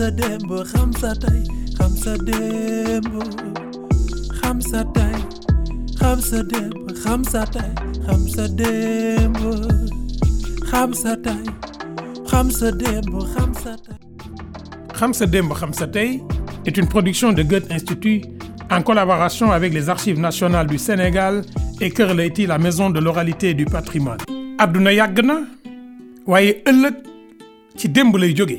sa xam sa tey xam sa tey une production de Goethe Institut en collaboration avec les Archives nationales du Sénégal et Kër Leyti la maison de l'oralité et du patrimoine. àdduna yàgg na waaye ëllëg ci démb lay jóge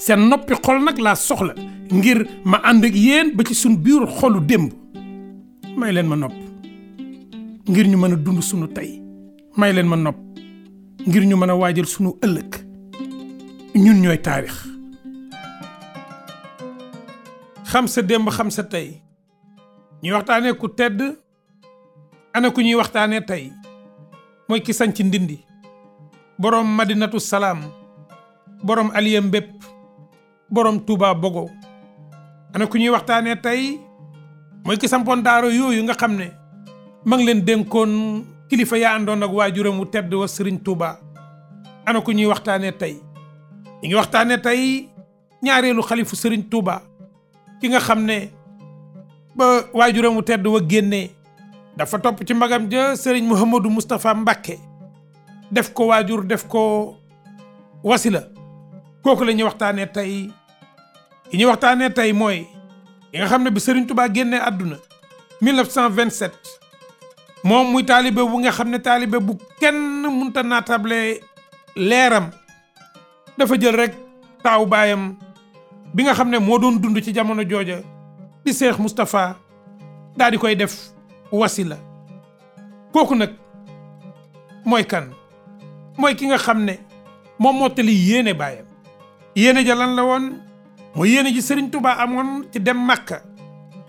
seen noppi xol nag laa soxla ngir ma ànd ak yéen ba ci suñ biir xolu démb may leen ma nopp ngir ñu mën a dund sunu tey may leen ma nopp ngir ñu mën a waajal sunu ëllëg ñun ñooy taarix xam sa démb xam sa tey ñuy waxtaanee ku tedd ana ku ñuy waxtaanee tey mooy ki sañ ci ndindi boroom madinatu salaam boroom aliyem bépp borom Touba Bogo ana ku ñuy waxtaanee tey mooy ki sampoon daaro yooyu nga xam ne ma leen dénkoon kilifa yaa àndoon ak waajuram wu tedd wa sëriñ Touba ana ku ñuy waxtaanee tey ñu ngi waxtaanee tey ñaareelu xalifu Serigne Touba ki nga xam ne ba waajuram wu tedd wa génnee dafa topp ci magam ja Serigne Mouhamadou Moustapha Mbacké def ko waajur def ko wasila kooku la ñuy waxtaanee tey yi ñuy waxtaanee tey mooy i nga xam ne bi Serigne Touba génnee àdduna 1927 moom muy taalibe bu nga xam ne taalibe bu kenn mënta naatable leeram dafa jël rek taaw baayam bi nga xam ne moo doon dund ci jamono jooja di Cheikh Moustapha daal di koy def wasila kooku nag mooy kan mooy ki nga xam ne moom mottali yéene baayam yéene ja lan la woon mooy yéene ji Serigne Touba amoon ci dem Makka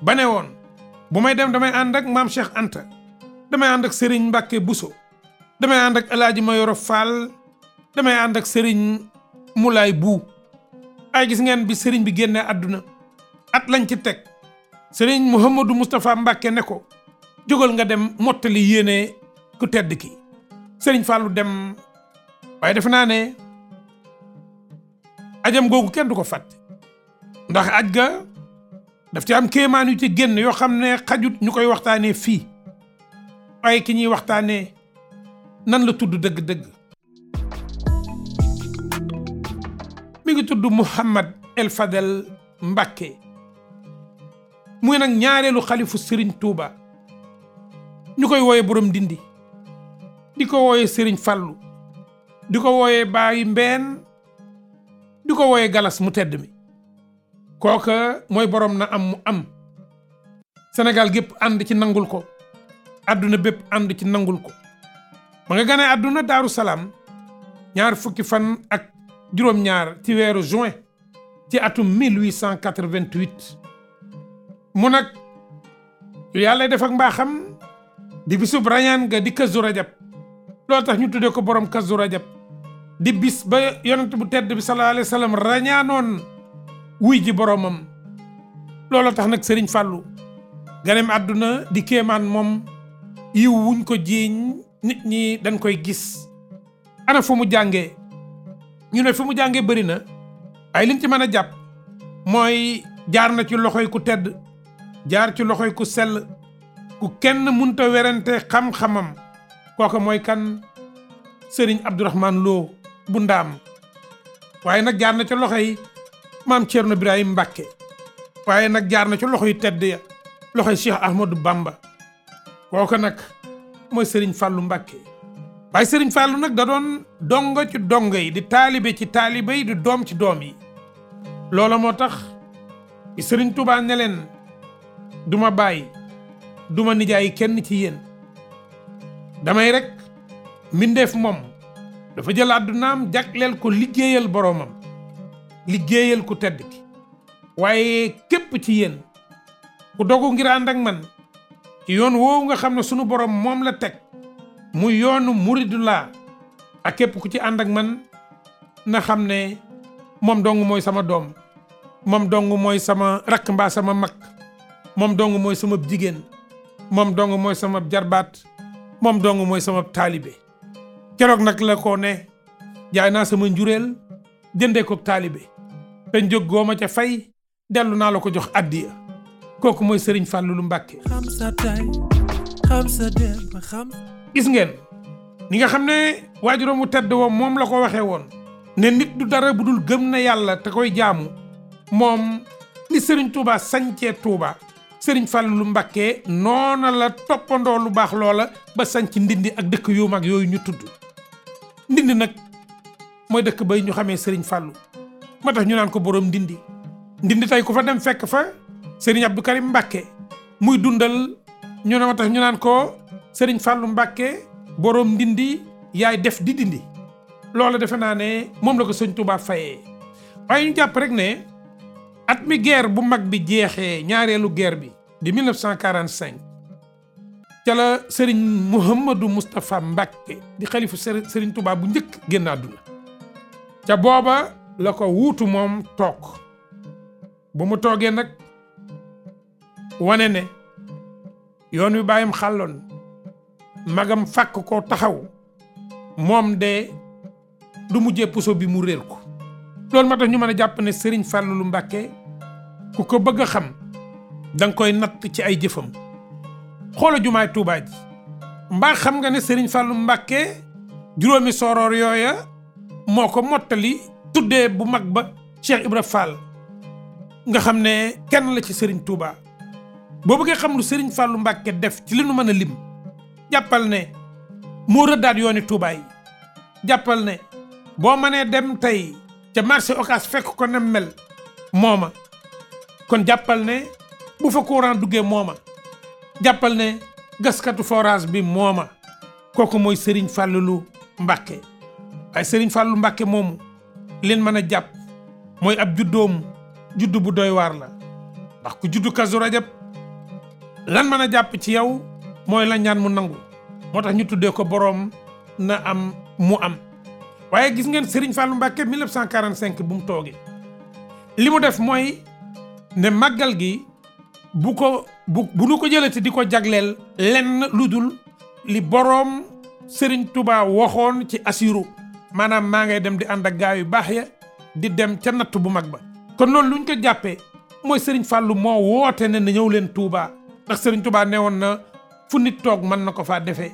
ba woon bu may dem damay ànd ak maam Cheikh Anta damay ànd ak Serigne Mbacke Bousso damay ànd ak El Hadj Mayoro Fall damay ànd ak Serigne Moulay buu ay gis ngeen bi Serigne bi génnee àdduna at lañ ci teg Serigne Mouhamadou Moustapha Mbacke ne ko jógal nga dem mottali yéene ku tedd ki Serigne Fallou dem waaye defe naa ajam googu kenn du ko fàtte ndax aj ga daf ci am kéemaan ci génn yoo xam ne xajut ñu koy waxtaanee fii ay ki ñuy waxtaanee nan la tudd dëgg-dëgg mi ngi tudd Mouhamad El Fadel Mbacké muy nag ñaareelu xalifu Serigne tuuba ñu koy wooye borom dindi di ko wooye Serigne fallu di ko wooye Baye Mbène di ko wooye galas mu tedd mi kooka mooy borom na am mu am Sénégal gépp ànd ci nangul ko àdduna bépp ànd ci nangul ko ma nga gane àdduna Daaru Salaam ñaar fukki fan ak juróom-ñaar ci weeru juin ci atum 1888 mu nag yu yàlla def ak mbaaxam di bisub rañaan nga di kazu rajab loolu tax ñu tuddee ko borom kazu rajab di bis ba yonent bu tedd bi sallallahu alayhi wa rañaanoon wuy ji boroomam looloo tax nag sëriñ fàllu ganeem àdduna di kéemaan moom yiw wuñ ko jiiñ nit ñi dañ koy gis ana fu mu jàngee ñu ne fu mu jàngee bari na ay liñ ci mën a jàpp mooy jaar na ci loxoy ku tedd jaar ci loxoy ku sell ku kenn munta werante xam-xamam kooka mooy kan sëriñ Abdourahmane loo bu ndaam waaye nag jaar na ca loxo yi maam Thierno Ibrahim Mbacke waaye nag jaar na ca loxo yi tedd ya loxo yi Cheikh Ahmadou Bamba kooku nag mooy Serigne Fallou Mbacke waaye sëriñ Fallou nag da doon dongo ci dongo yi di taalibe ci taalibe yi di doom ci doom yi loola moo tax Serigne Touba ne leen du ma bàyyi du ma nijaay kenn ci yéen damay rek mbindeef moom. dafa jël àddunaam jagleel ko liggéeyal boroomam liggéeyal ko tedd waaye képp ci yéen ku dogu ngir ànd ak man ci yoon woowu nga xam ne sunu borom moom la teg muy yoonu muridulaa ak képp ku ci ànd ak man na xam ne moom dong mooy sama doom moom dong mooy sama rakk mbaa sama mag moom dong mooy sama jigéen moom dong mooy sama jarbaat moom dong mooy sama taalibe keroog nag la ko ne jaay naa sama njuréel jëndee ko taalibe te njëg goo ma ca fay dellu naa la ko jox addiya kooku mooy Serigne Fallou lu gis ngeen ni nga xam ne waajuram mu tedd woon moom la ko waxee woon ne nit du dara bu dul gëm na yàlla te koy jaamu moom ni Serigne Touba sancee Touba. sëriñ Fallou Mbacké noona la toppandoo lu baax loola ba sanc ndindi ak dëkk yu mag yooyu ñu tudd ndindi nag mooy dëkk bay ñu xamee Serigne Fallou moo tax ñu naan ko boroom ndindi ndindi tey ko fa dem fekk fa Serigne Abdou Karim Mbakke muy dundal ñu ne moo tax ñu naan ko sëriñ Fallou Mbakke borom ndindi yaay def di dindi loola defe naa ne moom la ko sëñ Touba fayee waaye ñu jàpp rek ne at mi guerre bu mag bi jeexee ñaareelu geer bi di 1945. ca la sëriñ Mouhamadou mustafa Mbacke di xalifu sëriñ tubaab bu njëkk génn àdduna ca booba la ko wuutu moom toog bu mu toogee nag wane ne yoon wi bàyyam xàlloon magam fàkk ko taxaw moom de du mujjee puso bi mu réer ko loolu ma ñu mën a jàpp ne sëriñ Fallou Mbacke ku ko bëgg a xam danga koy natt ci ay jëfam xoola jumaay Touba ji xam nga ne Serigne Fallou Mbacké juróomi soroor yooya moo ko mottali tuddee bu mag ba Cheikh Ibra Fall nga xam ne kenn la ci Serigne Touba boo buggee xam lu Serigne Fallou Mbacké def ci li nu mën a lim jàppal ne moo rëddaat yooni Touba jàppal ne boo mënee dem tey ca marché Ocass fekk ko nem mel mooma kon jàppal ne bu fa courant duggee mooma jàppal ne gaskatu forage bi mooma kooku mooy Serigne Fallou Mbacké waaye Serigne Fallou Mbacké moomu leen mën a jàpp mooy ab juddoom juddu bu doy waar la ndax ku juddu Kazu Rajab lan mën a jàpp ci yow mooy la ñaan mu nangu moo tax ñu tuddee ko boroom na am mu am waaye gis ngeen Serigne Fallou Mbacké 1945 bu mu toogee li mu def mooy ne màggal gi bu ko bu bu nu ko jëlati di ko jagleel lenn lu dul li boroom sëriñ Touba waxoon ci asiru maanaam maa ngay dem di ànd ak gaa yu baax ya di dem ca natt bu mag ba kon loolu lu ñu ko jàppee mooy Serigne Fallou moo woote ne na ñëw leen Touba ndax sëriñ Touba ne woon na fu nit toog mën na ko faa defee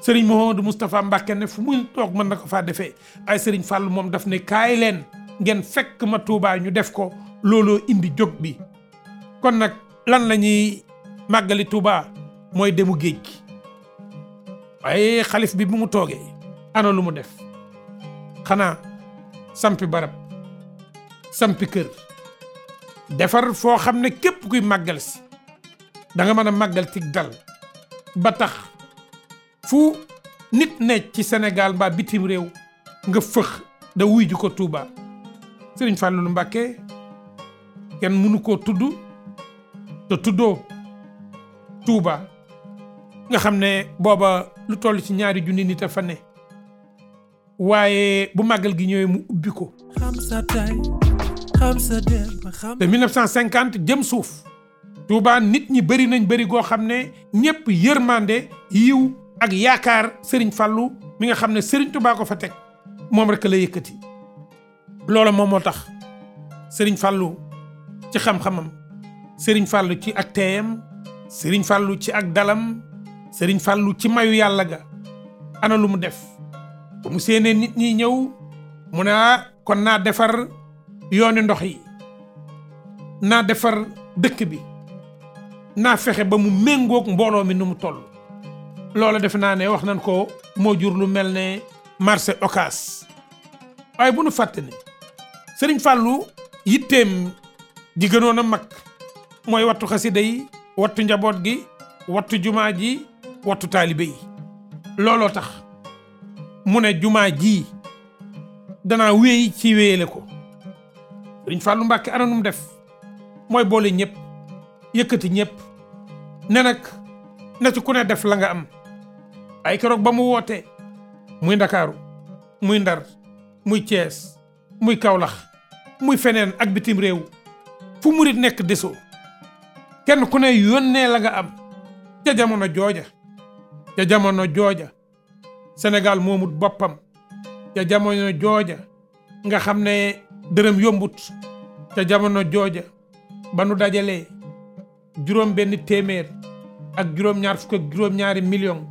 Serigne Mouhamadou Moustapha Mbacké ne fu mu nit toog mën na ko faa defee ay Serigne Fallou moom daf ne kaay leen ngeen fekk ma Touba ñu def ko looloo indi jóg bi kon lan la ñuy màggali Touba mooy demu géej gi waaye xalif bi bu mu toogee ana lu mu def xanaa sampi barab sampi kër defar foo xam ne képp kuy màggal si danga mën a màggal ci dal ba tax fu nit ne ci Sénégal mbaa bitim réew nga fëx da wuy ju ko Touba Serigne Fallou Mbacké kenn mënu koo tudd te tuddoo Touba nga xam ne booba lu toll ci ñaari junni nit a fa ne waaye bu màggal gi ñëwee mu ubbiko ko. de 1950 jëm suuf. Touba nit ñi bëri nañ bëri goo xam ne ñëpp yërmande yiw ak yaakaar Serigne Fallou mi nga xam ne Serigne Touba ko fa teg moom rek la yëkkati. loola moom moo tax sëriñ Fallou ci xam-xamam. sëriñ fàllu ci ak teeyam sëriñ fàllu ci ak dalam sëriñ fàllu ci mayu yàlla ga ana lu mu def ba mu séenee nit ñi ñëw mu ne ah, kon naa defar yooni ndox yi naa defar dëkk bi naa fexe ba mu méngook mbooloo mi nu mu toll loola defe naa ne wax nañ ko moo jur lu mel ne marché Ocass waaye bu nu fàtte sëriñ fàllu yitteem ji gënoon a mag mooy wattu xasida yi wattu njaboot gi wattu jumaa ji wattu taalibe yi looloo tax mu ne jumaa ji dana wéy ci wéyale ko Sëriñ Fàllu Mbàkke ana nu mu def mooy boole ñëpp yëkkati ñëpp ne nag ci ku ne def la nga am ay keroog ba mu wootee muy ndakaaru muy ndar muy cees muy kawlax muy feneen ak bitim réew fu murit nekk desoo kenn ku ne yónnee la nga am ca jamono jooja ca jamono jooja senegal moomut boppam ca jamono jooja nga xam ne dërëm yombut ca jamono jooja ba nu dajalee juróom benn téeméer ak juróom ñaar fukk juróom ñaari million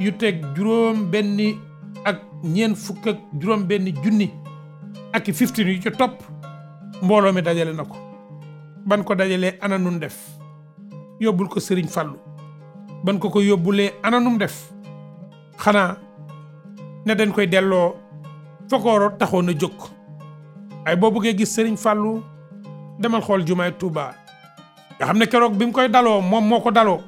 yu teg juróom benn ak ñeent fukk ak juróom benn junni ak yu ca topp mbooloo mi dajale na ko ban ko dajalee ana nun def yóbbul ko sëriñ Fallou ban ko ko yóbbulee ananum def xanaa ne dañ koy delloo fokooro taxoon a jóg ay boo buggee gis sëriñ Fallou demal xool jumaay Touba nga xam ne keroog bi mu koy daloo moom moo ko daloo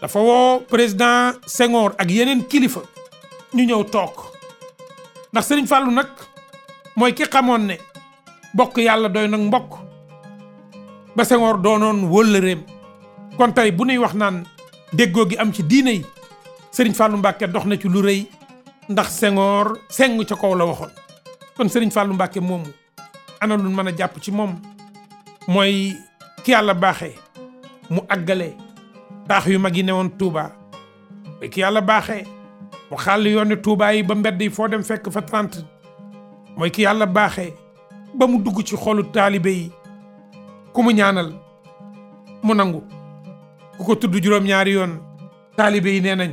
dafa woo président Senghor ak yeneen kilifa ñu ñëw toog ndax sëriñ Fallou nag mooy ki xamoon ne bokk yàlla doy nag mbokk ba Senghor doonoon wëllëreem kon tey bu nuy wax naan déggoo gi am ci diine yi sëriñ Fallou Mbacké dox na ci lu rëy ndax Senghor seng ca kaw la waxoon kon sëriñ Fallou Mbacké moomu ana lu mën a jàpp ci moom mooy ki yàlla baaxe mu àggale taax yu mag yi newoon Touba mooy ki yàlla baaxee mu xàll yoonu Touba yi ba mbedd yi foo dem fekk fa 30 mooy ki yàlla baaxee ba mu dugg ci xoolu taalibe yi ku mu ñaanal mu nangu. ku ko tudd juróom-ñaari yoon taalibe yi nee nañ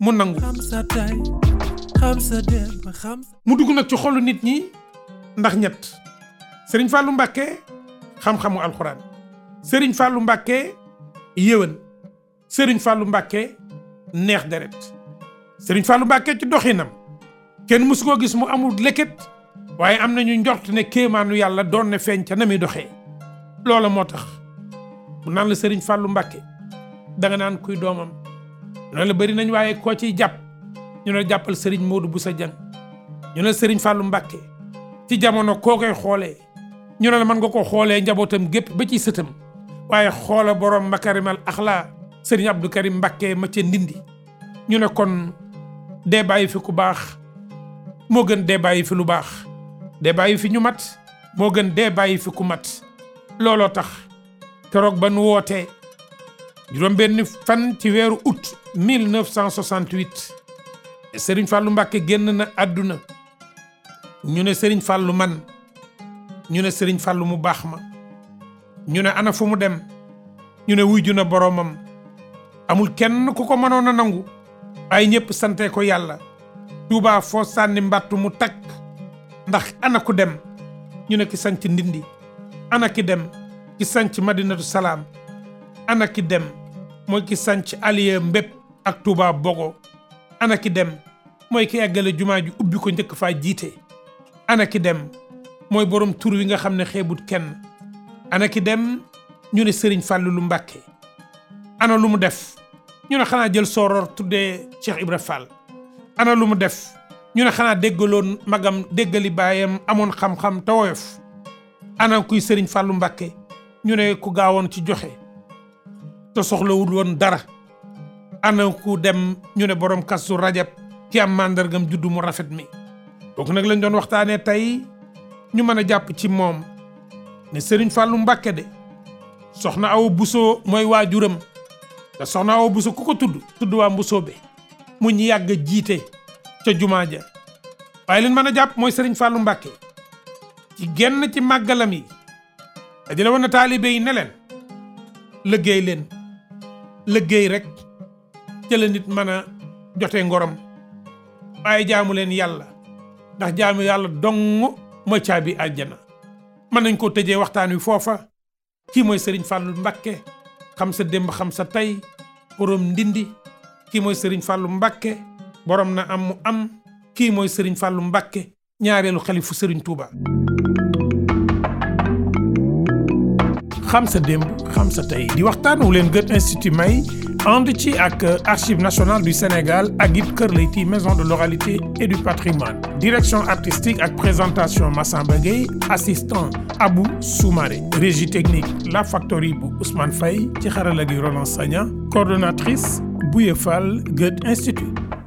mu nangu mu dugg nag ci xolu nit ñi ndax ñett sëriñ fàllu Mbacké xamxamu xamu alxuraan sëriñ Fallou Mbacké yéwén sëriñ Fallou Mbacké neex deret sëriñ Fallou Mbacké ci doxinam kenn mësu koo gis mu amul leket waaye am nañu njort ne kéemaanu yàlla doon ne feeñ ca na muy doxee loola moo tax mu naan la sëriñ fàllu Mbacké danga naan kuy doomam loolu bari nañ waaye koo ciy jàpp ñu ne jàppal Serigne Modou Boussa Dieng ñu ne Serigne Fallou Mbacké ci jamono koo koy xoolee ñu ne la mën nga ko xoolee njabootam gépp ba ci sëtam waaye xoola borom makarimal axlaa Serigne Abdou Karim Mbacké ma ca ndindi ñu ne kon dee bàyyi fi ku baax moo gën dee bàyyi fi lu baax dee bàyyi fi ñu mat moo gën dee bàyyi fi ku mat looloo tax keroog ba nu wootee juróom-benn fan ci weeru août 1968 Serigne Fallou Mbacké génn na àdduna ñu ne Serigne fàllu man ñu ne Serigne fàllu mu baax ma ñu ne ana fu mu dem ñu ne wujju ju na boroomam amul kenn ku ko mënoon a nangu waaye ñëpp sante ko yàlla Touba foo sànni mbattu mu takk ndax ana ku dem ñu ne ki sanc Ndindi ana ki dem ki sanc Madinatu Salaam ana ki dem mooy ki sanc aliya mbépp ak Touba Bogo ana ki dem mooy ki eggale jumaa ji ubbi njëkk fa jiite ana ki dem mooy borom tur wi nga xam ne xeebut kenn ana ki dem ñu ne sëriñ Fallou lu Mbàkke ana lu mu def ñu ne xanaa jël sooroor tuddee Cheikh Ibra Fall ana lu mu def ñu ne xanaa déggaloon magam déggali baayam amoon xam-xam te ana kuy sëriñ Fallou Mbàkke ñu ne ku gaawoon ci joxe te soxlawul woon dara ana ku dem ñu ne borom kasu rajab ki am màndargam juddu mu rafet mi kooku nag lañ doon waxtaanee tey ñu mën a jàpp ci moom ne Serigne Fallou Mbacké de soxna Awa buso mooy waajuram te soxna Awa Bousso ku ko tudd tudd waa Mbuso be mu ñu yàgg a jiite ca jumaa ja waaye leen mën a jàpp mooy Serigne fàllu Mbacké ci genn ci màggalam yi dajale woon na taalibe yi ne leen leen liggéey rek jële nit mën a jote ngorom waaye jaamu leen yàlla ndax jaamu yàlla dong mooy bi àjjana mën nañ koo tëjee waxtaan wi foofa kii mooy Serigne Fallou Mbakke xam sa démb xam sa tey borom ndindi kii mooy Serigne Fallou Mbakke borom na am mu am kii mooy sëriñ Fallou Mbakke ñaareelu xalifu Serigne tuuba xam sa xam sa tey di waxtaan wu leen Goethe Institut may ànd ci ak Archives nationales du Sénégal ak it Kër Leyti maison de l'oralité et du patrimoine direction artistique ak présentation massan Gueye assistant abu Soumaré régie technique La Factory bu Ousmane Faye ci xarala gi Roland Sagna Goethe Institut